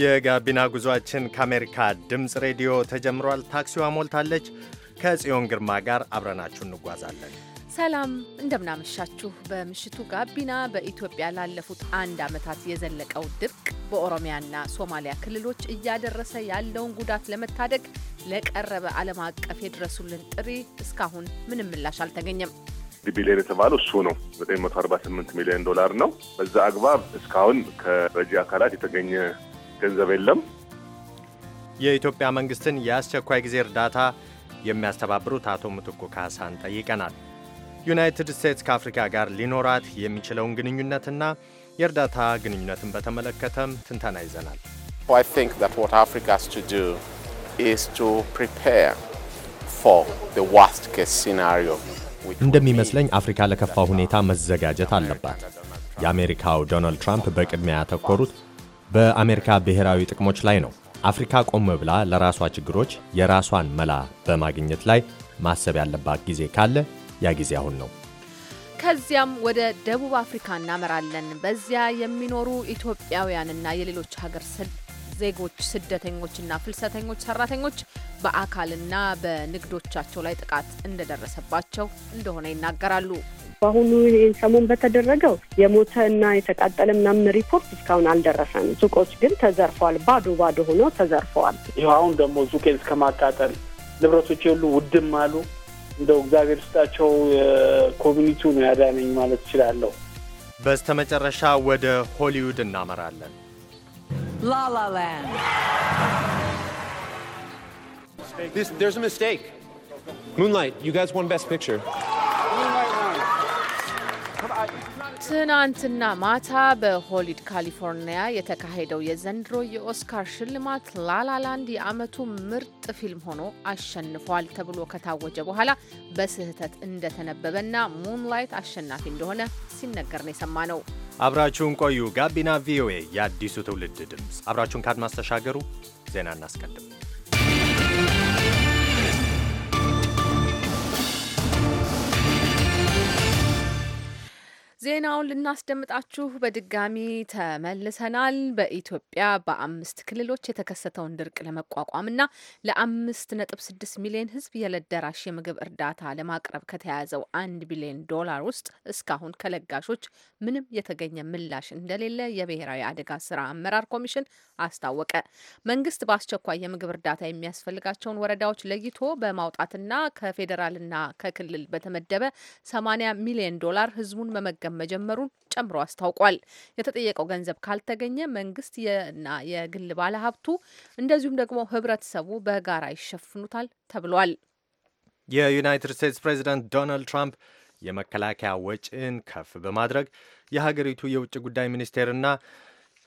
የጋቢና ጉዟችን ከአሜሪካ ድምፅ ሬዲዮ ተጀምሯል። ታክሲዋ ሞልታለች። ከጽዮን ግርማ ጋር አብረናችሁ እንጓዛለን። ሰላም እንደምናመሻችሁ። በምሽቱ ጋቢና በኢትዮጵያ ላለፉት አንድ ዓመታት የዘለቀው ድርቅ በኦሮሚያና ሶማሊያ ክልሎች እያደረሰ ያለውን ጉዳት ለመታደግ ለቀረበ ዓለም አቀፍ የድረሱልን ጥሪ እስካሁን ምንም ምላሽ አልተገኘም። ቢሊየን የተባለው እሱ ነው። 948 ሚሊዮን ዶላር ነው። በዛ አግባብ እስካሁን ከረጂ አካላት የተገኘ ገንዘብ የለም። የኢትዮጵያ መንግስትን የአስቸኳይ ጊዜ እርዳታ የሚያስተባብሩት አቶ ምትኩ ካሳን ጠይቀናል። ዩናይትድ ስቴትስ ከአፍሪካ ጋር ሊኖራት የሚችለውን ግንኙነትና የእርዳታ ግንኙነትን በተመለከተም ትንተና ይዘናል። እንደሚመስለኝ አፍሪካ ለከፋ ሁኔታ መዘጋጀት አለባት። የአሜሪካው ዶናልድ ትራምፕ በቅድሚያ ያተኮሩት በአሜሪካ ብሔራዊ ጥቅሞች ላይ ነው። አፍሪካ ቆም ብላ ለራሷ ችግሮች የራሷን መላ በማግኘት ላይ ማሰብ ያለባት ጊዜ ካለ ያ ጊዜ አሁን ነው። ከዚያም ወደ ደቡብ አፍሪካ እናመራለን። በዚያ የሚኖሩ ኢትዮጵያውያንና የሌሎች ሀገር ዜጎች ስደተኞችና ፍልሰተኞች ሰራተኞች በአካልና በንግዶቻቸው ላይ ጥቃት እንደደረሰባቸው እንደሆነ ይናገራሉ። በአሁኑ ሰሞን በተደረገው የሞተ እና የተቃጠለ ምናምን ሪፖርት እስካሁን አልደረሰም ሱቆች ግን ተዘርፈዋል። ባዶ ባዶ ሆኖ ተዘርፈዋል። ይኸው አሁን ደግሞ ሱቄን እስከማቃጠል ንብረቶች የሉ ውድም አሉ። እንደው እግዚአብሔር ስጣቸው ኮሚኒቲው ነው ያዳነኝ ማለት እችላለሁ። በስተመጨረሻ ወደ ሆሊውድ እናመራለን። ላላላንድ This, there's a mistake. Moonlight, you guys won Best Picture. ትናንትና ማታ በሆሊድ ካሊፎርኒያ የተካሄደው የዘንድሮ የኦስካር ሽልማት ላላላንድ የአመቱ ምርጥ ፊልም ሆኖ አሸንፏል ተብሎ ከታወጀ በኋላ በስህተት እንደተነበበና ሙንላይት አሸናፊ እንደሆነ ሲነገር ነው የሰማ ነው። አብራችሁን ቆዩ። ጋቢና ቪኦኤ የአዲሱ ትውልድ ድምፅ። አብራችሁን ካድማስ ተሻገሩ። ዜና እናስቀድም። ዜናውን ልናስደምጣችሁ በድጋሚ ተመልሰናል። በኢትዮጵያ በአምስት ክልሎች የተከሰተውን ድርቅ ለመቋቋምና ለአምስት ነጥብ ስድስት ሚሊዮን ሕዝብ የለደራሽ የምግብ እርዳታ ለማቅረብ ከተያያዘው አንድ ቢሊዮን ዶላር ውስጥ እስካሁን ከለጋሾች ምንም የተገኘ ምላሽ እንደሌለ የብሔራዊ አደጋ ስራ አመራር ኮሚሽን አስታወቀ። መንግስት በአስቸኳይ የምግብ እርዳታ የሚያስፈልጋቸውን ወረዳዎች ለይቶ በማውጣትና ከፌዴራልና ከክልል በተመደበ ሰማኒያ ሚሊዮን ዶላር ሕዝቡን መመገመ መጀመሩን ጨምሮ አስታውቋል። የተጠየቀው ገንዘብ ካልተገኘ መንግስት ና የግል ባለሀብቱ እንደዚሁም ደግሞ ህብረተሰቡ በጋራ ይሸፍኑታል ተብሏል። የዩናይትድ ስቴትስ ፕሬዚዳንት ዶናልድ ትራምፕ የመከላከያ ወጪን ከፍ በማድረግ የሀገሪቱ የውጭ ጉዳይ ሚኒስቴርና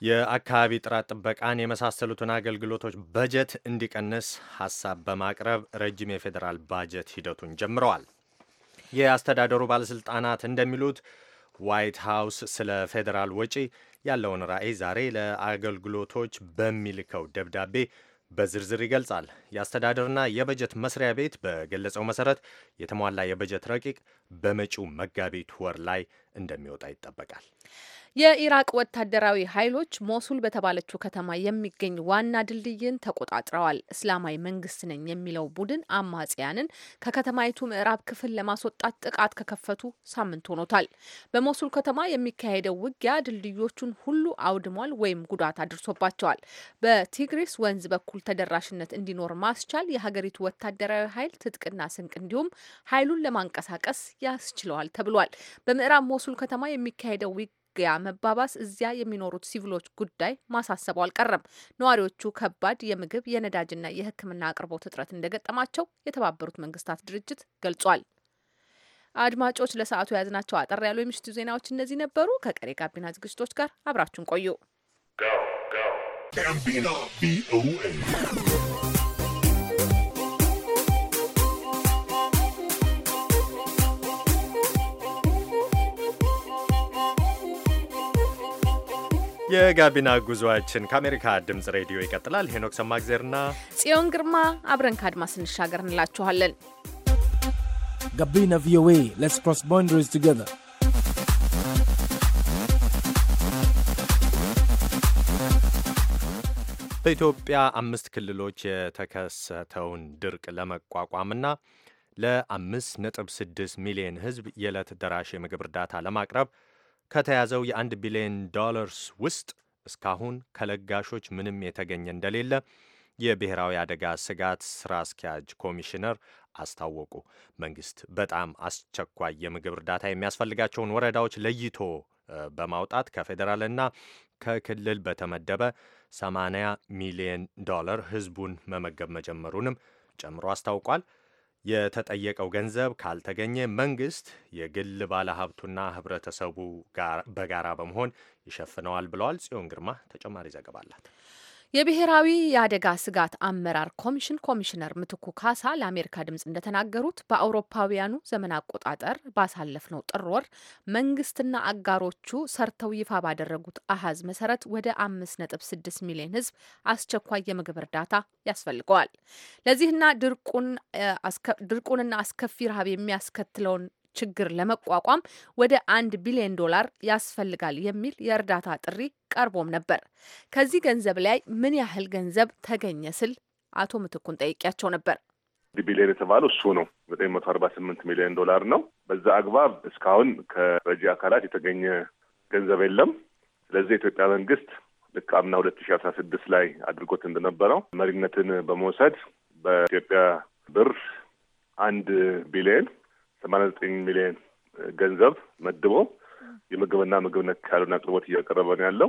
የአካባቢ ጥራት ጥበቃን የመሳሰሉትን አገልግሎቶች በጀት እንዲቀንስ ሀሳብ በማቅረብ ረጅም የፌዴራል ባጀት ሂደቱን ጀምረዋል። የአስተዳደሩ ባለስልጣናት እንደሚሉት ዋይት ሀውስ ስለ ፌዴራል ወጪ ያለውን ራዕይ ዛሬ ለአገልግሎቶች በሚልከው ደብዳቤ በዝርዝር ይገልጻል። የአስተዳደርና የበጀት መስሪያ ቤት በገለጸው መሰረት የተሟላ የበጀት ረቂቅ በመጪው መጋቢት ወር ላይ እንደሚወጣ ይጠበቃል። የኢራቅ ወታደራዊ ኃይሎች ሞሱል በተባለችው ከተማ የሚገኝ ዋና ድልድይን ተቆጣጥረዋል። እስላማዊ መንግስት ነኝ የሚለው ቡድን አማጽያንን ከከተማይቱ ምዕራብ ክፍል ለማስወጣት ጥቃት ከከፈቱ ሳምንት ሆኖታል። በሞሱል ከተማ የሚካሄደው ውጊያ ድልድዮቹን ሁሉ አውድሟል ወይም ጉዳት አድርሶባቸዋል። በቲግሪስ ወንዝ በኩል ተደራሽነት እንዲኖር ማስቻል የሀገሪቱ ወታደራዊ ኃይል ትጥቅና ስንቅ እንዲሁም ኃይሉን ለማንቀሳቀስ ያስችለዋል ተብሏል። በምዕራብ ሞሱል ከተማ የሚካሄደው ውጊያ መባባስ እዚያ የሚኖሩት ሲቪሎች ጉዳይ ማሳሰቡ አልቀረም። ነዋሪዎቹ ከባድ የምግብ የነዳጅና የሕክምና አቅርቦት እጥረት እንደገጠማቸው የተባበሩት መንግስታት ድርጅት ገልጿል። አድማጮች ለሰዓቱ የያዝናቸው አጠር ያሉ የምሽቱ ዜናዎች እነዚህ ነበሩ። ከቀሬ ጋቢና ዝግጅቶች ጋር አብራችሁን ቆዩ። የጋቢና ጉዞአችን ከአሜሪካ ድምፅ ሬዲዮ ይቀጥላል። ሄኖክ ሰማግዜርና ጽዮን ግርማ አብረን ከአድማስ እንሻገር እንላችኋለን። ጋቢና ቪኦኤ ሌትስ ክሮስ ቦንደሪስ ቱጌዘር በኢትዮጵያ አምስት ክልሎች የተከሰተውን ድርቅ ለመቋቋምና ለ5.6 ሚሊዮን ሕዝብ የዕለት ደራሽ የምግብ እርዳታ ለማቅረብ ከተያዘው የአንድ ቢሊዮን ዶላርስ ውስጥ እስካሁን ከለጋሾች ምንም የተገኘ እንደሌለ የብሔራዊ አደጋ ስጋት ስራ አስኪያጅ ኮሚሽነር አስታወቁ። መንግስት በጣም አስቸኳይ የምግብ እርዳታ የሚያስፈልጋቸውን ወረዳዎች ለይቶ በማውጣት ከፌዴራልና ከክልል በተመደበ 80 ሚሊዮን ዶላር ህዝቡን መመገብ መጀመሩንም ጨምሮ አስታውቋል። የተጠየቀው ገንዘብ ካልተገኘ መንግስት የግል ባለሀብቱና ህብረተሰቡ በጋራ በመሆን ይሸፍነዋል ብለዋል። ጽዮን ግርማ ተጨማሪ ዘገባ አላት። የብሔራዊ የአደጋ ስጋት አመራር ኮሚሽን ኮሚሽነር ምትኩ ካሳ ለአሜሪካ ድምጽ እንደተናገሩት በአውሮፓውያኑ ዘመን አቆጣጠር ባሳለፍነው ጥር ወር መንግስትና አጋሮቹ ሰርተው ይፋ ባደረጉት አሀዝ መሰረት ወደ አምስት ነጥብ ስድስት ሚሊዮን ህዝብ አስቸኳይ የምግብ እርዳታ ያስፈልገዋል። ለዚህና ድርቁንና አስከፊ ረሃብ የሚያስከትለውን ችግር ለመቋቋም ወደ አንድ ቢሊዮን ዶላር ያስፈልጋል የሚል የእርዳታ ጥሪ ቀርቦም ነበር። ከዚህ ገንዘብ ላይ ምን ያህል ገንዘብ ተገኘ ስል አቶ ምትኩን ጠይቄያቸው ነበር። ቢሊዮን የተባለው እሱ ነው። ዘጠኝ መቶ አርባ ስምንት ሚሊዮን ዶላር ነው። በዛ አግባብ እስካሁን ከረጂ አካላት የተገኘ ገንዘብ የለም። ስለዚህ የኢትዮጵያ መንግስት ልክ አምና ሁለት ሺ አስራ ስድስት ላይ አድርጎት እንደነበረው መሪነትን በመውሰድ በኢትዮጵያ ብር አንድ ቢሊዮን ሰማንያ ዘጠኝ ሚሊዮን ገንዘብ መድቦ የምግብና ምግብ ነክ ያለውን አቅርቦት እያቀረበ ነው ያለው።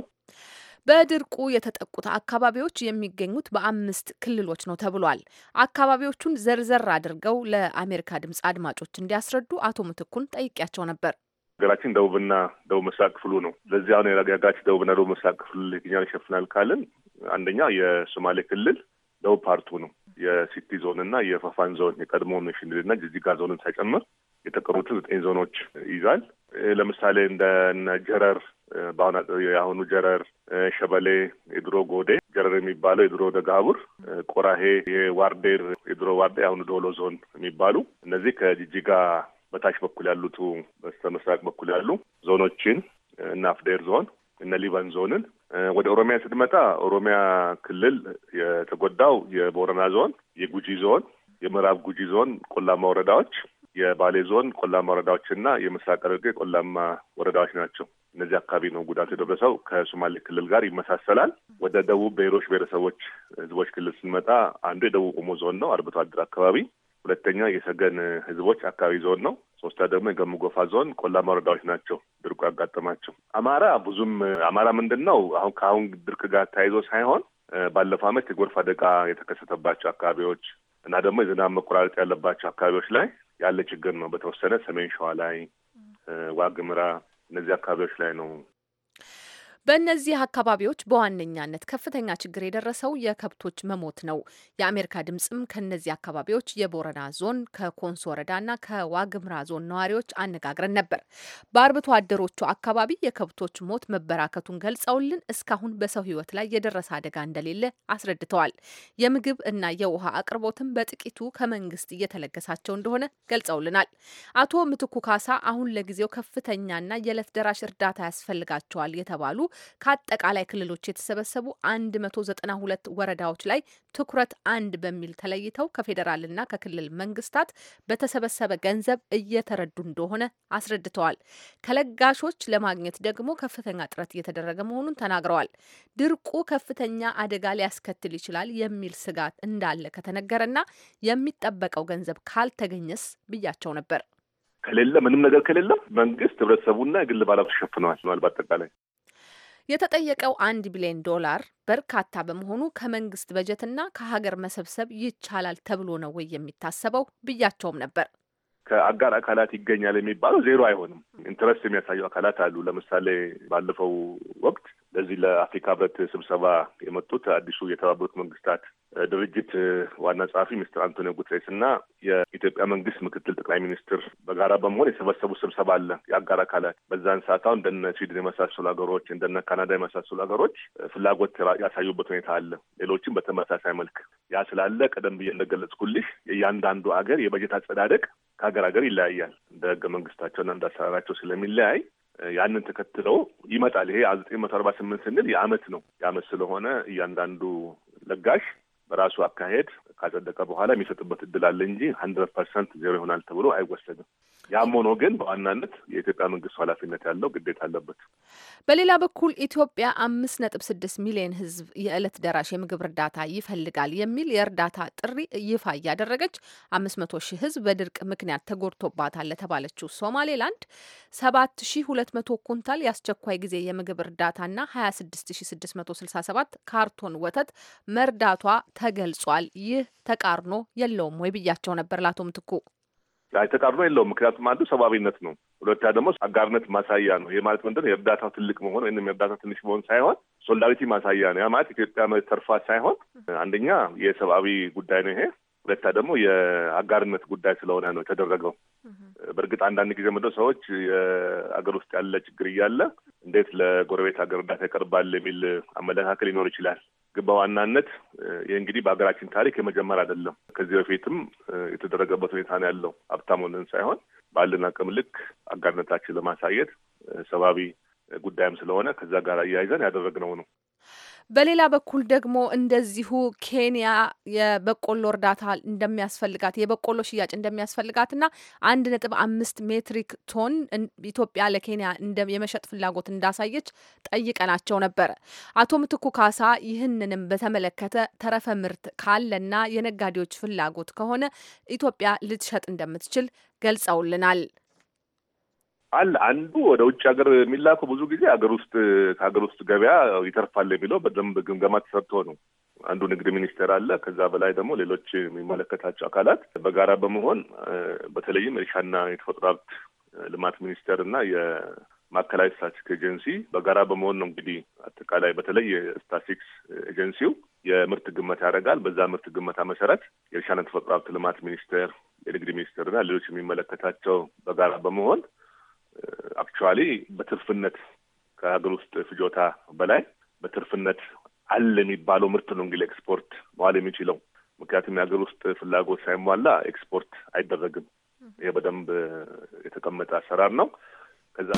በድርቁ የተጠቁት አካባቢዎች የሚገኙት በአምስት ክልሎች ነው ተብሏል። አካባቢዎቹን ዘርዘር አድርገው ለአሜሪካ ድምፅ አድማጮች እንዲያስረዱ አቶ ምትኩን ጠይቂያቸው ነበር። ሀገራችን ደቡብና ደቡብ ምስራቅ ክፍሉ ነው። ለዚህ አሁን የሀገራችን ደቡብና ደቡብ ምስራቅ ክፍል የትኛውን ይሸፍናል ካልን አንደኛ የሶማሌ ክልል ደቡብ ፓርቱ ነው የሲቲ ዞን እና የፋፋን ዞን የቀድሞ ሽንሌ ጅጅጋ ዞንን ሳይጨምር የተቀሩትን ዘጠኝ ዞኖች ይዟል። ለምሳሌ እንደ ጀረር በአሁን የአሁኑ ጀረር፣ ሸበሌ፣ የድሮ ጎዴ፣ ጀረር የሚባለው የድሮ ደጋቡር፣ ቆራሄ፣ የዋርዴር የድሮ ዋርዴ የአሁኑ ዶሎ ዞን የሚባሉ እነዚህ ከጅጅጋ በታች በኩል ያሉቱ በስተ ምስራቅ በኩል ያሉ ዞኖችን እነ አፍዴር ዞን እነ ሊበን ዞንን ወደ ኦሮሚያ ስትመጣ ኦሮሚያ ክልል የተጎዳው የቦረና ዞን፣ የጉጂ ዞን፣ የምዕራብ ጉጂ ዞን ቆላማ ወረዳዎች የባሌ ዞን ቆላማ ወረዳዎችና የምስራቅ ሐረርጌ ቆላማ ወረዳዎች ናቸው። እነዚህ አካባቢ ነው ጉዳት የደረሰው። ከሶማሌ ክልል ጋር ይመሳሰላል። ወደ ደቡብ ብሔሮች ብሔረሰቦች ህዝቦች ክልል ስንመጣ አንዱ የደቡብ ኦሞ ዞን ነው፣ አርብቶ አደር አካባቢ። ሁለተኛ የሰገን ህዝቦች አካባቢ ዞን ነው። ሶስታ ደግሞ የገሙ ጎፋ ዞን ቆላማ ወረዳዎች ናቸው ድርቁ ያጋጠማቸው። አማራ ብዙም አማራ ምንድን ነው አሁን ከአሁን ድርቅ ጋር ተያይዞ ሳይሆን ባለፈው ዓመት የጎርፍ አደጋ የተከሰተባቸው አካባቢዎች እና ደግሞ የዝናብ መቆራረጥ ያለባቸው አካባቢዎች ላይ ያለ ችግር ነው። በተወሰነ ሰሜን ሸዋ ላይ፣ ዋግምራ እነዚህ አካባቢዎች ላይ ነው በእነዚህ አካባቢዎች በዋነኛነት ከፍተኛ ችግር የደረሰው የከብቶች መሞት ነው። የአሜሪካ ድምፅም ከእነዚህ አካባቢዎች የቦረና ዞን ከኮንሶ ወረዳና ከዋግምራ ዞን ነዋሪዎች አነጋግረን ነበር። በአርብቶ አደሮቹ አካባቢ የከብቶች ሞት መበራከቱን ገልጸውልን እስካሁን በሰው ሕይወት ላይ የደረሰ አደጋ እንደሌለ አስረድተዋል። የምግብ እና የውሃ አቅርቦትም በጥቂቱ ከመንግስት እየተለገሳቸው እንደሆነ ገልጸውልናል። አቶ ምትኩ ካሳ አሁን ለጊዜው ከፍተኛና የዕለት ደራሽ እርዳታ ያስፈልጋቸዋል የተባሉ ከአጠቃላይ ክልሎች የተሰበሰቡ 192 ወረዳዎች ላይ ትኩረት አንድ በሚል ተለይተው ከፌዴራልና ከክልል መንግስታት በተሰበሰበ ገንዘብ እየተረዱ እንደሆነ አስረድተዋል። ከለጋሾች ለማግኘት ደግሞ ከፍተኛ ጥረት እየተደረገ መሆኑን ተናግረዋል። ድርቁ ከፍተኛ አደጋ ሊያስከትል ይችላል የሚል ስጋት እንዳለ ከተነገረና የሚጠበቀው ገንዘብ ካልተገኘስ ብያቸው ነበር። ከሌለ ምንም ነገር ከሌለ መንግስት ህብረተሰቡና የግል ባለሀብቱ ሸፍነዋል። በአጠቃላይ የተጠየቀው አንድ ቢሊዮን ዶላር በርካታ በመሆኑ ከመንግስት በጀትና ከሀገር መሰብሰብ ይቻላል ተብሎ ነው ወይ የሚታሰበው ብያቸውም ነበር። ከአጋር አካላት ይገኛል የሚባለው ዜሮ አይሆንም። ኢንትረስት የሚያሳዩ አካላት አሉ። ለምሳሌ ባለፈው ወቅት ለዚህ ለአፍሪካ ህብረት ስብሰባ የመጡት አዲሱ የተባበሩት መንግስታት ድርጅት ዋና ጸሐፊ ሚስትር አንቶኒዮ ጉትሬስ እና የኢትዮጵያ መንግስት ምክትል ጠቅላይ ሚኒስትር በጋራ በመሆን የሰበሰቡ ስብሰባ አለ የአጋር አካላት በዛን ሰዓት አሁን እንደነ ስዊድን የመሳሰሉ ሀገሮች እንደነ ካናዳ የመሳሰሉ ሀገሮች ፍላጎት ያሳዩበት ሁኔታ አለ። ሌሎችም በተመሳሳይ መልክ ያ ስላለ ቀደም ብዬ እንደገለጽኩልሽ የእያንዳንዱ ሀገር የበጀት አጸዳደቅ ከሀገር ሀገር ይለያያል። እንደ ህገ መንግስታቸውና እንደ አሰራራቸው ስለሚለያይ ያንን ተከትለው ይመጣል። ይሄ ዘጠኝ መቶ አርባ ስምንት ስንል የአመት ነው። የአመት ስለሆነ እያንዳንዱ ለጋሽ በራሱ አካሄድ ካጸደቀ በኋላ የሚሰጥበት እድል አለ እንጂ ሀንድረድ ፐርሰንት ዜሮ ይሆናል ተብሎ አይወሰድም። ያም ሆኖ ግን በዋናነት የኢትዮጵያ መንግስት ኃላፊነት ያለው ግዴታ አለበት። በሌላ በኩል ኢትዮጵያ አምስት ነጥብ ስድስት ሚሊዮን ህዝብ የዕለት ደራሽ የምግብ እርዳታ ይፈልጋል የሚል የእርዳታ ጥሪ ይፋ እያደረገች አምስት መቶ ሺህ ህዝብ በድርቅ ምክንያት ተጎድቶባታል ለተባለችው ሶማሌላንድ ሰባት ሺ ሁለት መቶ ኩንታል የአስቸኳይ ጊዜ የምግብ እርዳታና ሀያ ስድስት ሺህ ስድስት መቶ ስልሳ ሰባት ካርቶን ወተት መርዳቷ ተገልጿል። ይህ ተቃርኖ የለውም ወይ ብያቸው ነበር ለአቶ ምትኩ ተቃርኖ የለውም። ምክንያቱም አንዱ ሰብአዊነት ነው፣ ሁለታ ደግሞ አጋርነት ማሳያ ነው። ይህ ማለት ምንድን ነው? የእርዳታው ትልቅ መሆን ወይም የእርዳታ ትንሽ መሆን ሳይሆን ሶሊዳሪቲ ማሳያ ነው። ያ ማለት ኢትዮጵያ ተርፋ ሳይሆን አንደኛ የሰብአዊ ጉዳይ ነው ይሄ ሁለታ ደግሞ የአጋርነት ጉዳይ ስለሆነ ነው የተደረገው። በእርግጥ አንዳንድ ጊዜ ምንድን ሰዎች የአገር ውስጥ ያለ ችግር እያለ እንዴት ለጎረቤት ሀገር እርዳታ ይቀርባል የሚል አመለካከል ሊኖር ይችላል። በዋናነት ይህ እንግዲህ በሀገራችን ታሪክ የመጀመር አይደለም። ከዚህ በፊትም የተደረገበት ሁኔታ ነው ያለው። ሀብታም ሳይሆን ባለን አቅም ልክ አጋርነታችን ለማሳየት ሰብአዊ ጉዳይም ስለሆነ ከዛ ጋር እያይዘን ያደረግነው ነው። በሌላ በኩል ደግሞ እንደዚሁ ኬንያ የበቆሎ እርዳታ እንደሚያስፈልጋት የበቆሎ ሽያጭ እንደሚያስፈልጋትና አንድ ነጥብ አምስት ሜትሪክ ቶን ኢትዮጵያ ለኬንያ የመሸጥ ፍላጎት እንዳሳየች ጠይቀናቸው ነበረ። አቶ ምትኩ ካሳ ይህንንም በተመለከተ ተረፈ ምርት ካለና የነጋዴዎች ፍላጎት ከሆነ ኢትዮጵያ ልትሸጥ እንደምትችል ገልጸውልናል። አለ። አንዱ ወደ ውጭ ሀገር የሚላከው ብዙ ጊዜ ሀገር ውስጥ ከሀገር ውስጥ ገበያ ይተርፋል የሚለው በደንብ ግምገማ ተሰርቶ ነው። አንዱ ንግድ ሚኒስቴር አለ። ከዛ በላይ ደግሞ ሌሎች የሚመለከታቸው አካላት በጋራ በመሆን በተለይም እርሻና የተፈጥሮ ሀብት ልማት ሚኒስቴር እና የማዕከላዊ ስታቲስቲክስ ኤጀንሲ በጋራ በመሆን ነው እንግዲህ አጠቃላይ በተለይ የስታቲክስ ኤጀንሲው የምርት ግመት ያደርጋል። በዛ ምርት ግመታ መሰረት የእርሻና የተፈጥሮ ሀብት ልማት ሚኒስቴር፣ የንግድ ሚኒስቴር እና ሌሎች የሚመለከታቸው በጋራ በመሆን አክቹዋሊ በትርፍነት ከሀገር ውስጥ ፍጆታ በላይ በትርፍነት አለ የሚባለው ምርት ነው እንግዲህ ኤክስፖርት መዋል የሚችለው ምክንያቱም የሀገር ውስጥ ፍላጎት ሳይሟላ ኤክስፖርት አይደረግም። ይህ በደንብ የተቀመጠ አሰራር ነው። ከዛ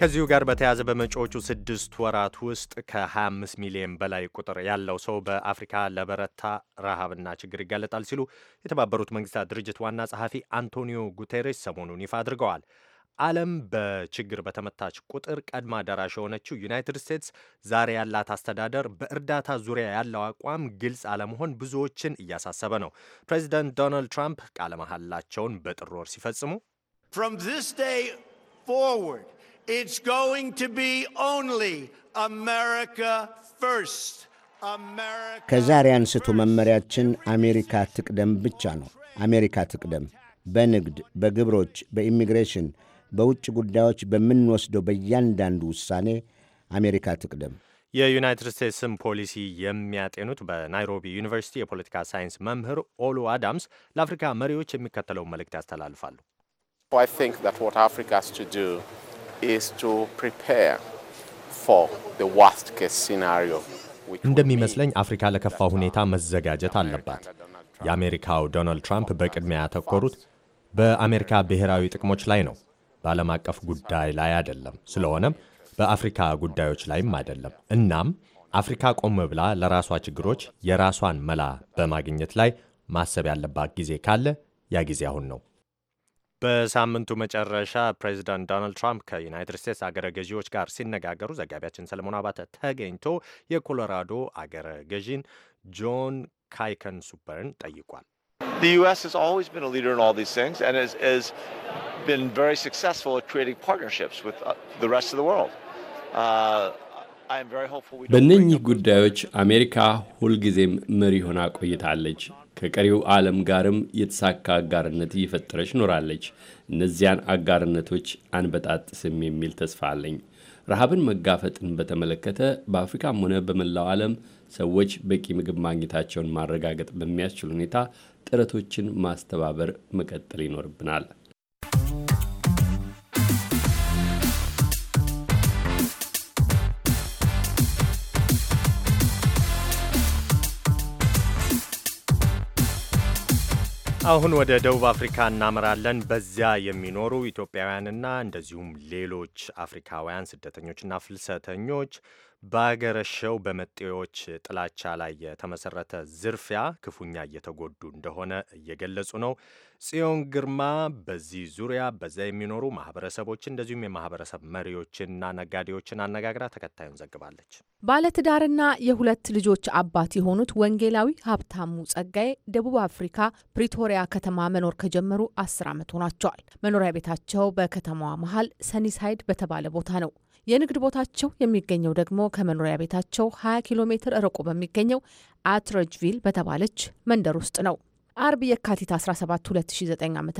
ከዚሁ ጋር በተያያዘ በመጪዎቹ ስድስት ወራት ውስጥ ከ25 ሚሊዮን በላይ ቁጥር ያለው ሰው በአፍሪካ ለበረታ ረሃብና ችግር ይጋለጣል ሲሉ የተባበሩት መንግስታት ድርጅት ዋና ጸሐፊ አንቶኒዮ ጉቴሬስ ሰሞኑን ይፋ አድርገዋል። ዓለም በችግር በተመታች ቁጥር ቀድማ ደራሽ የሆነችው ዩናይትድ ስቴትስ ዛሬ ያላት አስተዳደር በእርዳታ ዙሪያ ያለው አቋም ግልጽ አለመሆን ብዙዎችን እያሳሰበ ነው። ፕሬዚደንት ዶናልድ ትራምፕ ቃለ መሐላቸውን በጥር ወር ሲፈጽሙ ፍሮም this day ፎርወርድ It's going to be only America first. ከዛሬ አንስቶ መመሪያችን አሜሪካ ትቅደም ብቻ ነው። አሜሪካ ትቅደም። በንግድ፣ በግብሮች፣ በኢሚግሬሽን፣ በውጭ ጉዳዮች በምንወስደው በእያንዳንዱ ውሳኔ አሜሪካ ትቅደም። የዩናይትድ ስቴትስን ፖሊሲ የሚያጤኑት በናይሮቢ ዩኒቨርሲቲ የፖለቲካ ሳይንስ መምህር ኦሉ አዳምስ ለአፍሪካ መሪዎች የሚከተለውን መልእክት ያስተላልፋሉ። እንደሚመስለኝ አፍሪካ ለከፋ ሁኔታ መዘጋጀት አለባት። የአሜሪካው ዶናልድ ትራምፕ በቅድሚያ ያተኮሩት በአሜሪካ ብሔራዊ ጥቅሞች ላይ ነው፣ በዓለም አቀፍ ጉዳይ ላይ አይደለም። ስለሆነም በአፍሪካ ጉዳዮች ላይም አይደለም። እናም አፍሪካ ቆም ብላ ለራሷ ችግሮች የራሷን መላ በማግኘት ላይ ማሰብ ያለባት ጊዜ ካለ ያ ጊዜ አሁን ነው። በሳምንቱ መጨረሻ ፕሬዚዳንት ዶናልድ ትራምፕ ከዩናይትድ ስቴትስ አገረ ገዢዎች ጋር ሲነጋገሩ ዘጋቢያችን ሰለሞን አባተ ተገኝቶ የኮሎራዶ አገረ ገዢን ጆን ካይከን ሱፐርን ጠይቋል። The U.S. has always been a leader in all these things and has, has been very successful at creating partnerships with uh, the rest of the world. Uh, በእነኚህ ጉዳዮች አሜሪካ ሁልጊዜም መሪ ሆና ቆይታለች። ከቀሪው ዓለም ጋርም የተሳካ አጋርነት እየፈጠረች ኖራለች። እነዚያን አጋርነቶች አንበጣጥስም የሚል ተስፋ አለኝ። ረሃብን መጋፈጥን በተመለከተ በአፍሪካም ሆነ በመላው ዓለም ሰዎች በቂ ምግብ ማግኘታቸውን ማረጋገጥ በሚያስችል ሁኔታ ጥረቶችን ማስተባበር መቀጠል ይኖርብናል። አሁን ወደ ደቡብ አፍሪካ እናመራለን። በዚያ የሚኖሩ ኢትዮጵያውያንና እንደዚሁም ሌሎች አፍሪካውያን ስደተኞችና ፍልሰተኞች ባገረሸው በመጤዎች ጥላቻ ላይ የተመሰረተ ዝርፊያ ክፉኛ እየተጎዱ እንደሆነ እየገለጹ ነው። ጽዮን ግርማ በዚህ ዙሪያ በዛ የሚኖሩ ማህበረሰቦች እንደዚሁም የማህበረሰብ መሪዎችንና ነጋዴዎችን አነጋግራ ተከታዩን ዘግባለች። ባለትዳርና የሁለት ልጆች አባት የሆኑት ወንጌላዊ ሀብታሙ ጸጋዬ ደቡብ አፍሪካ ፕሪቶሪያ ከተማ መኖር ከጀመሩ አስር ዓመት ሆኗቸዋል። መኖሪያ ቤታቸው በከተማዋ መሀል ሰኒሳይድ በተባለ ቦታ ነው። የንግድ ቦታቸው የሚገኘው ደግሞ ከመኖሪያ ቤታቸው 20 ኪሎ ሜትር ርቆ በሚገኘው አትረጅቪል በተባለች መንደር ውስጥ ነው። አርብ የካቲት 17 2009 ዓ ም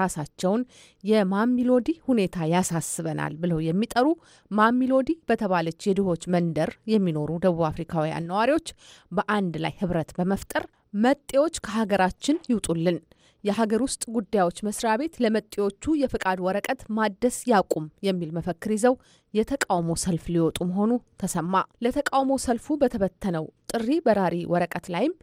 ራሳቸውን የማሚሎዲ ሁኔታ ያሳስበናል ብለው የሚጠሩ ማሚሎዲ በተባለች የድሆች መንደር የሚኖሩ ደቡብ አፍሪካውያን ነዋሪዎች በአንድ ላይ ህብረት በመፍጠር መጤዎች ከሀገራችን ይውጡልን የሀገር ውስጥ ጉዳዮች መስሪያ ቤት ለመጤዎቹ የፈቃድ ወረቀት ማደስ ያቁም የሚል መፈክር ይዘው የተቃውሞ ሰልፍ ሊወጡ መሆኑ ተሰማ። ለተቃውሞ ሰልፉ በተበተነው ጥሪ በራሪ ወረቀት ላይም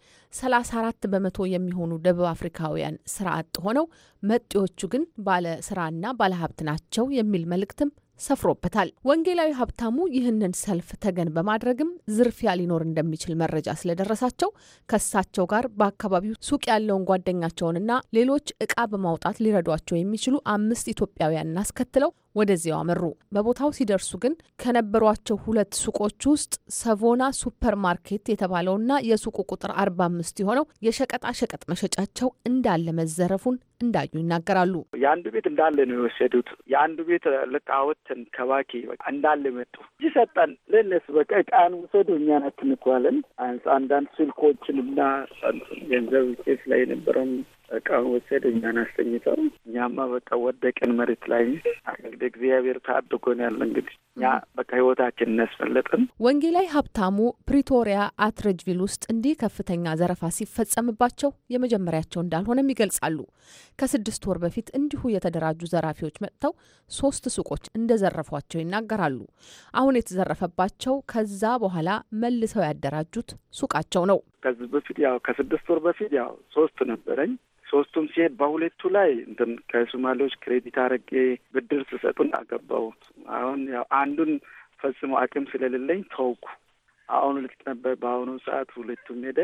34 በመቶ የሚሆኑ ደቡብ አፍሪካውያን ስራ አጥ ሆነው መጤዎቹ ግን ባለ ስራና ባለሀብት ናቸው የሚል መልእክትም ሰፍሮበታል። ወንጌላዊ ሀብታሙ ይህንን ሰልፍ ተገን በማድረግም ዝርፊያ ሊኖር እንደሚችል መረጃ ስለደረሳቸው ከሳቸው ጋር በአካባቢው ሱቅ ያለውን ጓደኛቸውንና ሌሎች እቃ በማውጣት ሊረዷቸው የሚችሉ አምስት ኢትዮጵያውያንን አስከትለው ወደዚያው አመሩ። በቦታው ሲደርሱ ግን ከነበሯቸው ሁለት ሱቆች ውስጥ ሰቮና ሱፐር ማርኬት የተባለውና የሱቁ ቁጥር አርባ አምስት የሆነው የሸቀጣ ሸቀጥ መሸጫቸው እንዳለ መዘረፉን እንዳዩ ይናገራሉ። የአንዱ ቤት እንዳለ ነው የወሰዱት። የአንዱ ቤት ልቃወትን ከባኪ እንዳለ መጡ ይሰጠን ለነሱ በቃ ቃን ውሰዱ እኛን አትንኳለን። አንዳንድ ስልኮችን እና ገንዘብ ኬስ ላይ የነበረውን እቃውን ወሰድ፣ እኛን አስተኝተው፣ እኛማ በቃ ወደቅን መሬት ላይ። እንግዲህ እግዚአብሔር ታድጎን ያለ እንግዲህ እኛ በቃ ህይወታችን እናስፈለጥን። ወንጌላዊ ሀብታሙ ፕሪቶሪያ አትረጅቪል ውስጥ እንዲህ ከፍተኛ ዘረፋ ሲፈጸምባቸው የመጀመሪያቸው እንዳልሆነም ይገልጻሉ። ከስድስት ወር በፊት እንዲሁ የተደራጁ ዘራፊዎች መጥተው ሶስት ሱቆች እንደዘረፏቸው ይናገራሉ። አሁን የተዘረፈባቸው ከዛ በኋላ መልሰው ያደራጁት ሱቃቸው ነው። ከዚህ በፊት ያው ከስድስት ወር በፊት ያው ሶስት ነበረኝ። ሶስቱም ሲሄድ በሁለቱ ላይ እንትን ከሶማሌዎች ክሬዲት አረቄ ብድር ስሰጡን አገባሁት። አሁን ያው አንዱን ፈጽሞ አቅም ስለሌለኝ ተውኩ። አሁን ልክ ነበር። በአሁኑ ሰዓት ሁለቱም ሄደ።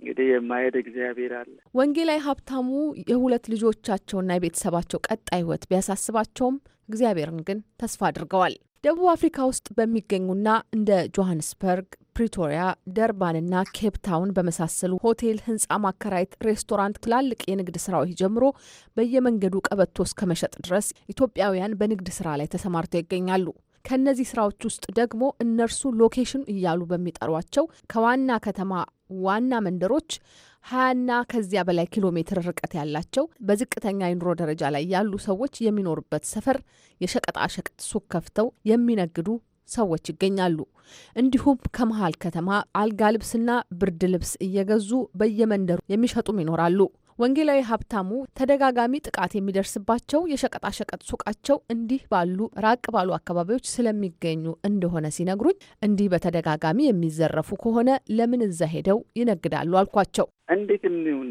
እንግዲህ የማሄድ እግዚአብሔር አለ። ወንጌላዊ ሀብታሙ የሁለት ልጆቻቸውና የቤተሰባቸው ቀጣይ ህይወት ቢያሳስባቸውም እግዚአብሔርን ግን ተስፋ አድርገዋል። ደቡብ አፍሪካ ውስጥ በሚገኙና እንደ ጆሃንስበርግ ፕሪቶሪያ፣ ደርባንና ኬፕ ታውን በመሳሰሉ ሆቴል፣ ህንፃ ማከራየት፣ ሬስቶራንት፣ ትላልቅ የንግድ ስራዎች ጀምሮ በየመንገዱ ቀበቶ እስከ መሸጥ ድረስ ኢትዮጵያውያን በንግድ ስራ ላይ ተሰማርተው ይገኛሉ። ከእነዚህ ስራዎች ውስጥ ደግሞ እነርሱ ሎኬሽን እያሉ በሚጠሯቸው ከዋና ከተማ ዋና መንደሮች ሀያና ከዚያ በላይ ኪሎ ሜትር ርቀት ያላቸው በዝቅተኛ የኑሮ ደረጃ ላይ ያሉ ሰዎች የሚኖሩበት ሰፈር የሸቀጣሸቀጥ ሱቅ ከፍተው የሚነግዱ ሰዎች ይገኛሉ። እንዲሁም ከመሀል ከተማ አልጋ ልብስና ብርድ ልብስ እየገዙ በየመንደሩ የሚሸጡም ይኖራሉ። ወንጌላዊ ሀብታሙ ተደጋጋሚ ጥቃት የሚደርስባቸው የሸቀጣሸቀጥ ሱቃቸው እንዲህ ባሉ ራቅ ባሉ አካባቢዎች ስለሚገኙ እንደሆነ ሲነግሩኝ እንዲህ በተደጋጋሚ የሚዘረፉ ከሆነ ለምን እዛ ሄደው ይነግዳሉ አልኳቸው። እንዴት እንሁን?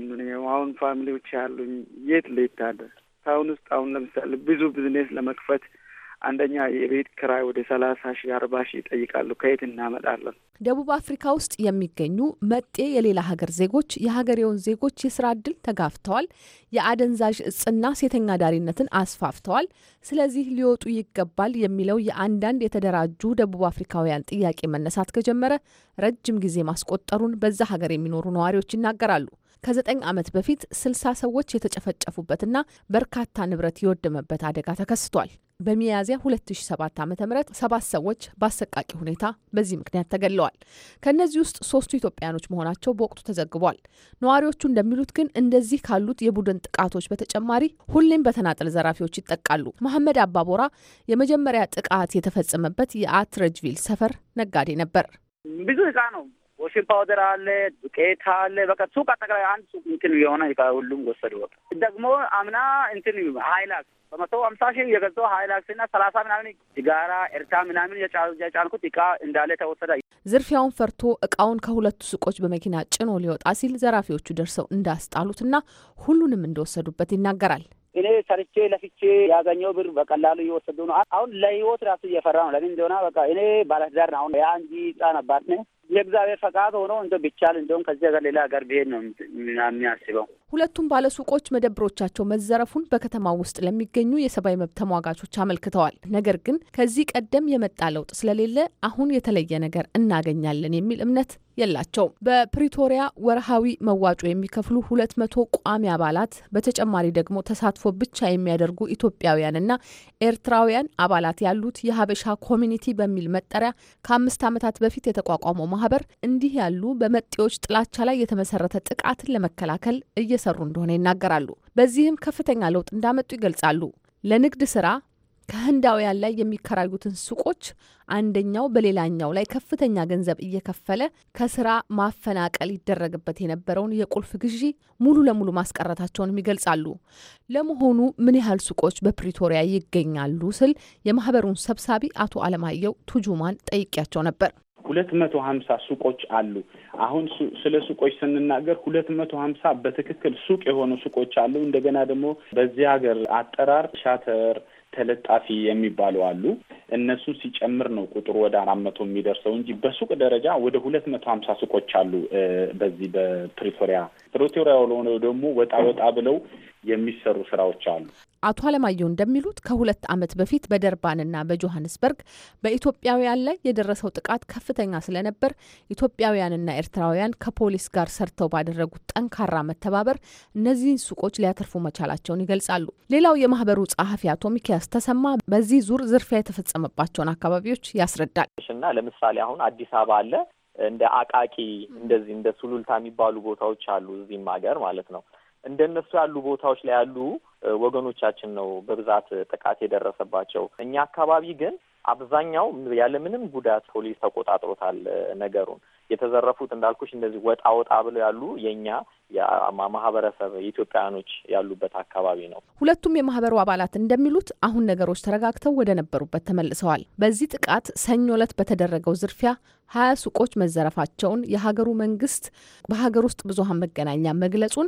አሁን ፋሚሊዎች ያሉኝ የት ልታደር ታውን ውስጥ አሁን ለምሳሌ ብዙ ቢዝኔስ ለመክፈት አንደኛ የቤት ክራይ ወደ ሰላሳ ሺህ አርባ ሺህ ይጠይቃሉ። ከየት እናመጣለን? ደቡብ አፍሪካ ውስጥ የሚገኙ መጤ የሌላ ሀገር ዜጎች የሀገሬውን ዜጎች የስራ እድል ተጋፍተዋል። የአደንዛዥ እጽና ሴተኛ ዳሪነትን አስፋፍተዋል። ስለዚህ ሊወጡ ይገባል የሚለው የአንዳንድ የተደራጁ ደቡብ አፍሪካውያን ጥያቄ መነሳት ከጀመረ ረጅም ጊዜ ማስቆጠሩን በዛ ሀገር የሚኖሩ ነዋሪዎች ይናገራሉ። ከዘጠኝ ዓመት በፊት ስልሳ ሰዎች የተጨፈጨፉበትና በርካታ ንብረት የወደመበት አደጋ ተከስቷል። በሚያዝያ 2007 ዓ ም ሰባት ሰዎች በአሰቃቂ ሁኔታ በዚህ ምክንያት ተገለዋል። ከእነዚህ ውስጥ ሶስቱ ኢትዮጵያኖች መሆናቸው በወቅቱ ተዘግቧል። ነዋሪዎቹ እንደሚሉት ግን እንደዚህ ካሉት የቡድን ጥቃቶች በተጨማሪ ሁሌም በተናጠል ዘራፊዎች ይጠቃሉ። መሐመድ አባቦራ የመጀመሪያ ጥቃት የተፈጸመበት የአትረጅቪል ሰፈር ነጋዴ ነበር። ብዙ እቃ ነው ወሽን ፓውደር አለ፣ ዱቄት አለ። በቃ ሱቅ አጠቃላይ አንድ ሱቅ እንትን የሆነ ሁሉም ወሰዱ። በቃ ደግሞ አምና እንትን ሀይላክስ በመቶ ሀምሳ ሺህ የገዛው ሀይላክስ እና ሰላሳ ምናምን ሲጋራ ኤርትራ ምናምን የጫንኩት እቃ እንዳለ ተወሰደ። ዝርፊያውን ፈርቶ እቃውን ከሁለቱ ሱቆች በመኪና ጭኖ ሊወጣ ሲል ዘራፊዎቹ ደርሰው እንዳስጣሉት እንዳስጣሉትና ሁሉንም እንደወሰዱበት ይናገራል። እኔ ሰርቼ ለፍቼ ያገኘው ብር በቀላሉ እየወሰዱ ነው። አሁን ለህይወት ራሱ እየፈራ ነው። ለምን እንደሆነ በቃ እኔ ባለትዳር ነው አሁን ያ እንጂ ህጻን አባት ነኝ የእግዚአብሔር ፈቃድ ሆኖ እንደ ቢቻል እንደውም ከዚህ ሀገር ሌላ ሀገር ብሄድ ነው የሚያስበው። ሁለቱም ባለሱቆች መደብሮቻቸው መዘረፉን በከተማ ውስጥ ለሚገኙ የሰብአዊ መብት ተሟጋቾች አመልክተዋል። ነገር ግን ከዚህ ቀደም የመጣ ለውጥ ስለሌለ አሁን የተለየ ነገር እናገኛለን የሚል እምነት የላቸውም። በፕሪቶሪያ ወርሃዊ መዋጮ የሚከፍሉ ሁለት መቶ ቋሚ አባላት በተጨማሪ ደግሞ ተሳትፎ ብቻ የሚያደርጉ ኢትዮጵያውያንና ኤርትራውያን አባላት ያሉት የሀበሻ ኮሚኒቲ በሚል መጠሪያ ከአምስት ዓመታት በፊት የተቋቋመው ማህበር እንዲህ ያሉ በመጤዎች ጥላቻ ላይ የተመሰረተ ጥቃትን ለመከላከል እየሰሩ እንደሆነ ይናገራሉ። በዚህም ከፍተኛ ለውጥ እንዳመጡ ይገልጻሉ። ለንግድ ስራ ከህንዳውያን ላይ የሚከራዩትን ሱቆች አንደኛው በሌላኛው ላይ ከፍተኛ ገንዘብ እየከፈለ ከስራ ማፈናቀል ይደረግበት የነበረውን የቁልፍ ግዢ ሙሉ ለሙሉ ማስቀረታቸውንም ይገልጻሉ። ለመሆኑ ምን ያህል ሱቆች በፕሪቶሪያ ይገኛሉ ስል የማህበሩን ሰብሳቢ አቶ አለማየሁ ቱጁማን ጠይቂያቸው ነበር። ሁለት መቶ ሀምሳ ሱቆች አሉ። አሁን ስለ ሱቆች ስንናገር ሁለት መቶ ሀምሳ በትክክል ሱቅ የሆኑ ሱቆች አሉ። እንደገና ደግሞ በዚህ ሀገር አጠራር ሻተር ተለጣፊ የሚባሉ አሉ። እነሱን ሲጨምር ነው ቁጥሩ ወደ አራት መቶ የሚደርሰው እንጂ በሱቅ ደረጃ ወደ ሁለት መቶ ሀምሳ ሱቆች አሉ። በዚህ በፕሪቶሪያ ፕሪቶሪያ ለሆነው ደግሞ ወጣ ወጣ ብለው የሚሰሩ ስራዎች አሉ። አቶ አለማየሁ እንደሚሉት ከሁለት ዓመት በፊት በደርባንና በጆሀንስበርግ በኢትዮጵያውያን ላይ የደረሰው ጥቃት ከፍተኛ ስለነበር ኢትዮጵያውያንና ኤርትራውያን ከፖሊስ ጋር ሰርተው ባደረጉት ጠንካራ መተባበር እነዚህን ሱቆች ሊያተርፉ መቻላቸውን ይገልጻሉ። ሌላው የማህበሩ ጸሐፊ አቶ ሚኪያስ ተሰማ በዚህ ዙር ዝርፊያ የተፈጸመባቸውን አካባቢዎች ያስረዳል። እና ለምሳሌ አሁን አዲስ አበባ አለ እንደ አቃቂ እንደዚህ እንደ ሱሉልታ የሚባሉ ቦታዎች አሉ እዚህም ሀገር ማለት ነው። እንደነሱ ያሉ ቦታዎች ላይ ያሉ ወገኖቻችን ነው በብዛት ጥቃት የደረሰባቸው። እኛ አካባቢ ግን አብዛኛው ያለምንም ጉዳት ፖሊስ ተቆጣጥሮታል ነገሩን። የተዘረፉት እንዳልኩሽ እንደዚህ ወጣ ወጣ ብለው ያሉ የእኛ ማህበረሰብ ኢትዮጵያውያኖች ያሉበት አካባቢ ነው። ሁለቱም የማህበሩ አባላት እንደሚሉት አሁን ነገሮች ተረጋግተው ወደ ነበሩበት ተመልሰዋል። በዚህ ጥቃት ሰኞ ዕለት በተደረገው ዝርፊያ ሀያ ሱቆች መዘረፋቸውን የሀገሩ መንግስት በሀገር ውስጥ ብዙሀን መገናኛ መግለጹን፣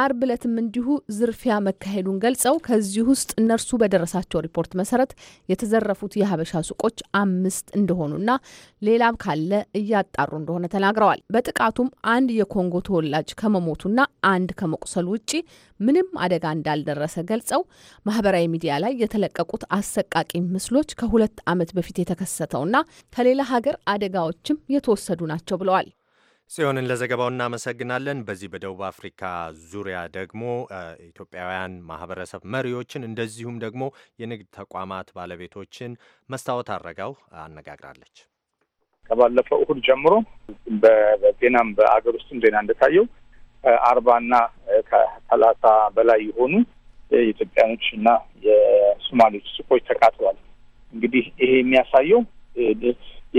አርብ ዕለትም እንዲሁ ዝርፊያ መካሄዱን ገልጸው ከዚህ ውስጥ እነርሱ በደረሳቸው ሪፖርት መሰረት የተዘረፉት የሀበሻ ሱቆች አምስት እንደሆኑና ሌላም ካለ እያጣሩ እንደሆነ እንደሆነ ተናግረዋል። በጥቃቱም አንድ የኮንጎ ተወላጅ ከመሞቱና አንድ ከመቁሰሉ ውጪ ምንም አደጋ እንዳልደረሰ ገልጸው ማህበራዊ ሚዲያ ላይ የተለቀቁት አሰቃቂ ምስሎች ከሁለት ዓመት በፊት የተከሰተውና ከሌላ ሀገር አደጋዎችም የተወሰዱ ናቸው ብለዋል። ጽዮንን ለዘገባው እናመሰግናለን። በዚህ በደቡብ አፍሪካ ዙሪያ ደግሞ ኢትዮጵያውያን ማህበረሰብ መሪዎችን እንደዚሁም ደግሞ የንግድ ተቋማት ባለቤቶችን መስታወት አረጋው አነጋግራለች። ከባለፈው እሁድ ጀምሮ በዜናም በአገር ውስጥም ዜና እንደታየው አርባና ከሰላሳ በላይ የሆኑ የኢትዮጵያኖች እና የሶማሌዎች ሱቆች ተቃጥሏል። እንግዲህ ይሄ የሚያሳየው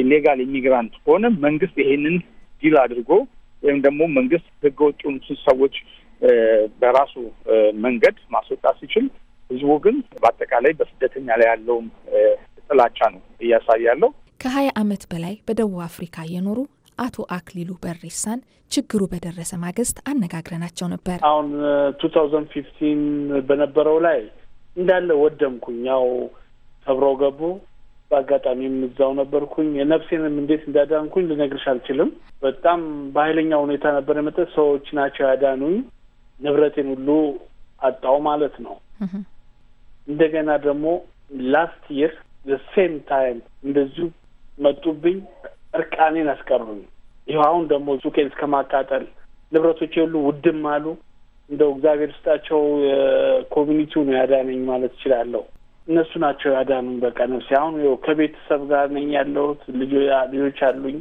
ኢሌጋል ኢሚግራንት ከሆነ መንግስት ይሄንን ዲል አድርጎ ወይም ደግሞ መንግስት ህገ ወጡን ሰዎች በራሱ መንገድ ማስወጣት ሲችል፣ ህዝቡ ግን በአጠቃላይ በስደተኛ ላይ ያለውን ጥላቻ ነው እያሳያለው። ከ20 ዓመት በላይ በደቡብ አፍሪካ የኖሩ አቶ አክሊሉ በሬሳን ችግሩ በደረሰ ማግስት አነጋግረናቸው ነበር። አሁን ቱ ታውዘንድ ፊፍቲን በነበረው ላይ እንዳለ ወደምኩኝ። ያው ሰብረው ገቡ። በአጋጣሚም እዛው ነበርኩኝ። የነፍሴንም እንዴት እንዳዳንኩኝ ልነግርሽ አልችልም። በጣም በኃይለኛ ሁኔታ ነበር የመጠ ሰዎች ናቸው ያዳኑኝ። ንብረቴን ሁሉ አጣው ማለት ነው። እንደገና ደግሞ ላስት ይር ዘ ሴም ታይም እንደዚሁ መጡብኝ፣ እርቃኔን አስቀሩኝ። ይህ አሁን ደግሞ ሱቄን እስከ ማቃጠል ንብረቶች ሁሉ ውድም አሉ። እንደው እግዚአብሔር ስጣቸው ኮሚኒቲው ነው ያዳነኝ ማለት እችላለሁ። እነሱ ናቸው ያዳኑኝ። በቃ ነፍሴ አሁን ው ከቤተሰብ ጋር ነኝ ያለሁት፣ ልጆች አሉኝ።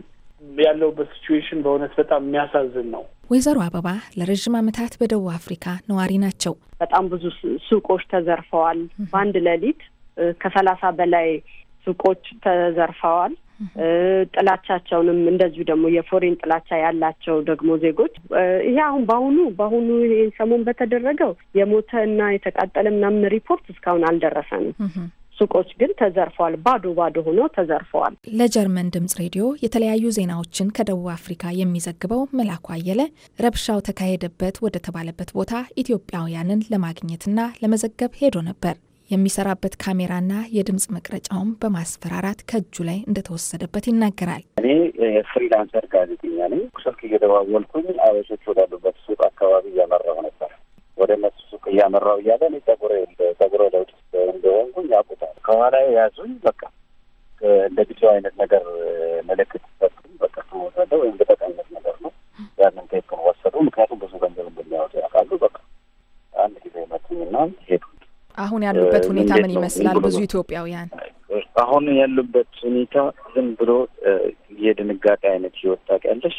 ያለሁበት ሲቹዌሽን በእውነት በጣም የሚያሳዝን ነው። ወይዘሮ አበባ ለረዥም ዓመታት በደቡብ አፍሪካ ነዋሪ ናቸው። በጣም ብዙ ሱቆች ተዘርፈዋል። በአንድ ሌሊት ከሰላሳ በላይ ሱቆች ተዘርፈዋል። ጥላቻቸውንም እንደዚሁ ደግሞ የፎሬን ጥላቻ ያላቸው ደግሞ ዜጎች ይሄ አሁን በአሁኑ በአሁኑ ይሄን ሰሞን በተደረገው የሞተ እና የተቃጠለ ምናምን ሪፖርት እስካሁን አልደረሰንም። ሱቆች ግን ተዘርፈዋል። ባዶ ባዶ ሆኖ ተዘርፈዋል። ለጀርመን ድምጽ ሬዲዮ የተለያዩ ዜናዎችን ከደቡብ አፍሪካ የሚዘግበው መላኩ አየለ ረብሻው ተካሄደበት ወደ ተባለበት ቦታ ኢትዮጵያውያንን ለማግኘትና ለመዘገብ ሄዶ ነበር። የሚሰራበት ካሜራና የድምፅ መቅረጫውም በማስፈራራት ከእጁ ላይ እንደተወሰደበት ይናገራል። እኔ ፍሪላንሰር ጋዜጠኛ ነኝ። ስልክ እየደዋወልኩኝ አበሾች ወዳሉበት ሱቅ አካባቢ እያመራሁ ነበር። ወደ እነሱ ሱቅ እያመራሁ እያለ እኔ ጸጉረ ለውጥ እንደሆንኩኝ ያውቁታል። ከኋላ የያዙኝ በቃ እንደ ቢጫ አይነት ነገር ምልክት ሰጡኝ። በቃ ወሰደ ወይም በጠቅ ነገር ነው። ያንን ቴፕን ወሰዱ። ምክንያቱም ብዙ ገንዘብ እንደሚያወጡ ያውቃሉ። በቃ አንድ ጊዜ መጡኝና ሄዱ። አሁን ያሉበት ሁኔታ ምን ይመስላል? ብዙ ኢትዮጵያውያን አሁን ያሉበት ሁኔታ ዝም ብሎ የድንጋጤ አይነት ህይወት ታውቂያለሽ።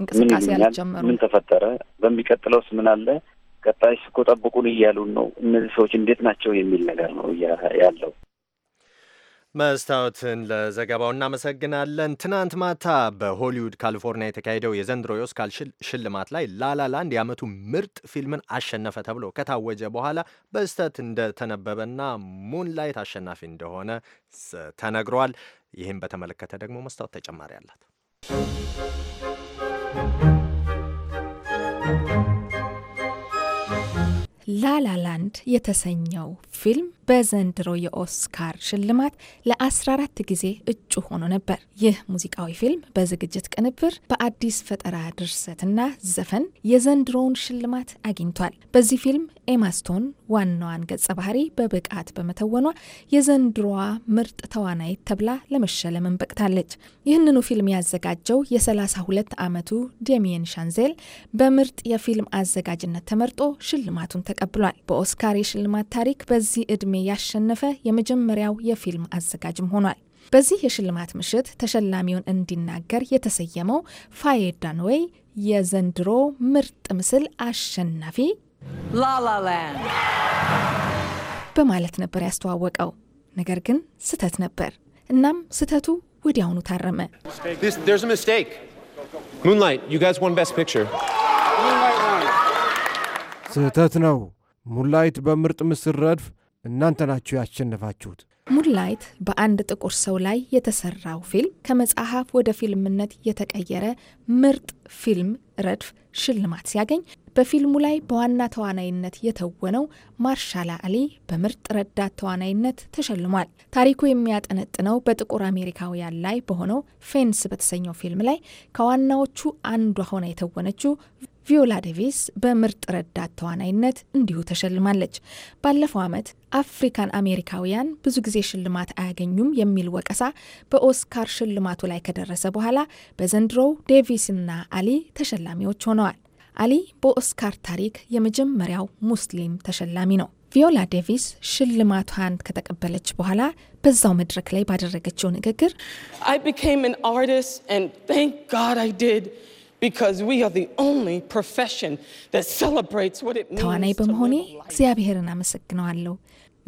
እንቅስቃሴ ያልጀመሩ ምን ተፈጠረ፣ በሚቀጥለውስ ምን አለ፣ ቀጣይ ስኮ ጠብቁን እያሉን ነው። እነዚህ ሰዎች እንዴት ናቸው የሚል ነገር ነው ያለው። መስታወትን ለዘገባው እናመሰግናለን። ትናንት ማታ በሆሊውድ ካሊፎርኒያ የተካሄደው የዘንድሮ የኦስካር ሽልማት ላይ ላላላንድ የዓመቱ ምርጥ ፊልምን አሸነፈ ተብሎ ከታወጀ በኋላ በስህተት እንደተነበበና ሙንላይት አሸናፊ እንደሆነ ተነግሯል። ይህም በተመለከተ ደግሞ መስታወት ተጨማሪ አላት። ላላላንድ የተሰኘው ፊልም በዘንድሮ የኦስካር ሽልማት ለ14 ጊዜ እጩ ሆኖ ነበር። ይህ ሙዚቃዊ ፊልም በዝግጅት ቅንብር፣ በአዲስ ፈጠራ ድርሰትና ዘፈን የዘንድሮውን ሽልማት አግኝቷል። በዚህ ፊልም ኤማስቶን ዋናዋን ገጸ ባህሪ በብቃት በመተወኗ የዘንድሮዋ ምርጥ ተዋናይት ተብላ ለመሸለምን በቅታለች። ይህንኑ ፊልም ያዘጋጀው የ32 ዓመቱ ዴሚየን ሻንዜል በምርጥ የፊልም አዘጋጅነት ተመርጦ ሽልማቱን ተቀ ተቀብሏል። በኦስካር የሽልማት ታሪክ በዚህ ዕድሜ ያሸነፈ የመጀመሪያው የፊልም አዘጋጅም ሆኗል። በዚህ የሽልማት ምሽት ተሸላሚውን እንዲናገር የተሰየመው ፋዬ ዳንዌይ የዘንድሮ ምርጥ ምስል አሸናፊ ላላላንድ በማለት ነበር ያስተዋወቀው። ነገር ግን ስህተት ነበር። እናም ስህተቱ ወዲያውኑ ታረመ። ስህተት ነው። ሙላይት በምርጥ ምስል ረድፍ እናንተ ናችሁ ያሸነፋችሁት። ሙላይት በአንድ ጥቁር ሰው ላይ የተሰራው ፊልም ከመጽሐፍ ወደ ፊልምነት የተቀየረ ምርጥ ፊልም ረድፍ ሽልማት ሲያገኝ በፊልሙ ላይ በዋና ተዋናይነት የተወነው ማርሻላ አሊ በምርጥ ረዳት ተዋናይነት ተሸልሟል። ታሪኩ የሚያጠነጥነው በጥቁር አሜሪካውያን ላይ በሆነው ፌንስ በተሰኘው ፊልም ላይ ከዋናዎቹ አንዷ ሆና የተወነችው ቪዮላ ዴቪስ በምርጥ ረዳት ተዋናይነት እንዲሁ ተሸልማለች። ባለፈው ዓመት አፍሪካን አሜሪካውያን ብዙ ጊዜ ሽልማት አያገኙም የሚል ወቀሳ በኦስካር ሽልማቱ ላይ ከደረሰ በኋላ በዘንድሮው ዴቪስና አሊ ተሸላሚዎች ሆነዋል። አሊ በኦስካር ታሪክ የመጀመሪያው ሙስሊም ተሸላሚ ነው። ቪዮላ ዴቪስ ሽልማቷን ከተቀበለች በኋላ በዛው መድረክ ላይ ባደረገችው ንግግር because we are the only profession that celebrates what it means. ተዋናይ በመሆኔ እግዚአብሔርን አመሰግነዋለሁ።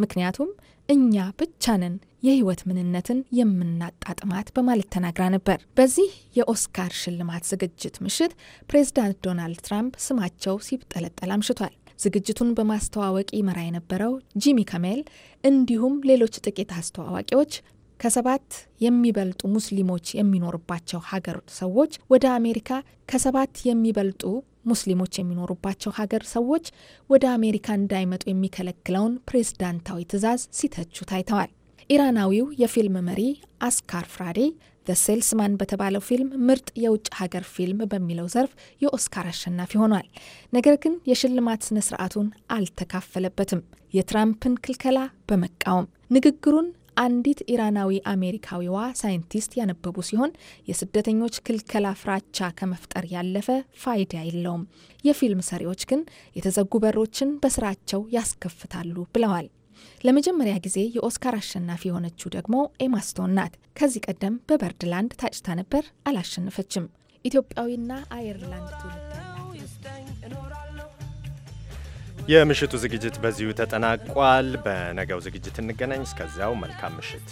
ምክንያቱም እኛ ብቻ ነን የህይወት ምንነትን የምናጣጥማት በማለት ተናግራ ነበር። በዚህ የኦስካር ሽልማት ዝግጅት ምሽት ፕሬዚዳንት ዶናልድ ትራምፕ ስማቸው ሲጠለጠል አምሽቷል። ዝግጅቱን በማስተዋወቅ ይመራ የነበረው ጂሚ ከሜል እንዲሁም ሌሎች ጥቂት አስተዋዋቂዎች ከሰባት የሚበልጡ ሙስሊሞች የሚኖሩባቸው ሀገር ሰዎች ወደ አሜሪካ ከሰባት የሚበልጡ ሙስሊሞች የሚኖሩባቸው ሀገር ሰዎች ወደ አሜሪካ እንዳይመጡ የሚከለክለውን ፕሬዝዳንታዊ ትዕዛዝ ሲተቹ ታይተዋል። ኢራናዊው የፊልም መሪ አስካር ፍራዴ ዘ ሴልስማን በተባለው ፊልም ምርጥ የውጭ ሀገር ፊልም በሚለው ዘርፍ የኦስካር አሸናፊ ሆኗል። ነገር ግን የሽልማት ስነ ስርዓቱን አልተካፈለበትም። የትራምፕን ክልከላ በመቃወም ንግግሩን አንዲት ኢራናዊ አሜሪካዊዋ ሳይንቲስት ያነበቡ ሲሆን የስደተኞች ክልከላ ፍራቻ ከመፍጠር ያለፈ ፋይዳ የለውም፣ የፊልም ሰሪዎች ግን የተዘጉ በሮችን በስራቸው ያስከፍታሉ ብለዋል። ለመጀመሪያ ጊዜ የኦስካር አሸናፊ የሆነችው ደግሞ ኤማስቶን ናት። ከዚህ ቀደም በበርድላንድ ታጭታ ነበር፣ አላሸነፈችም። ኢትዮጵያዊና አየርላንድ ትውልድ የምሽቱ ዝግጅት በዚሁ ተጠናቋል። በነገው ዝግጅት እንገናኝ። እስከዚያው መልካም ምሽት።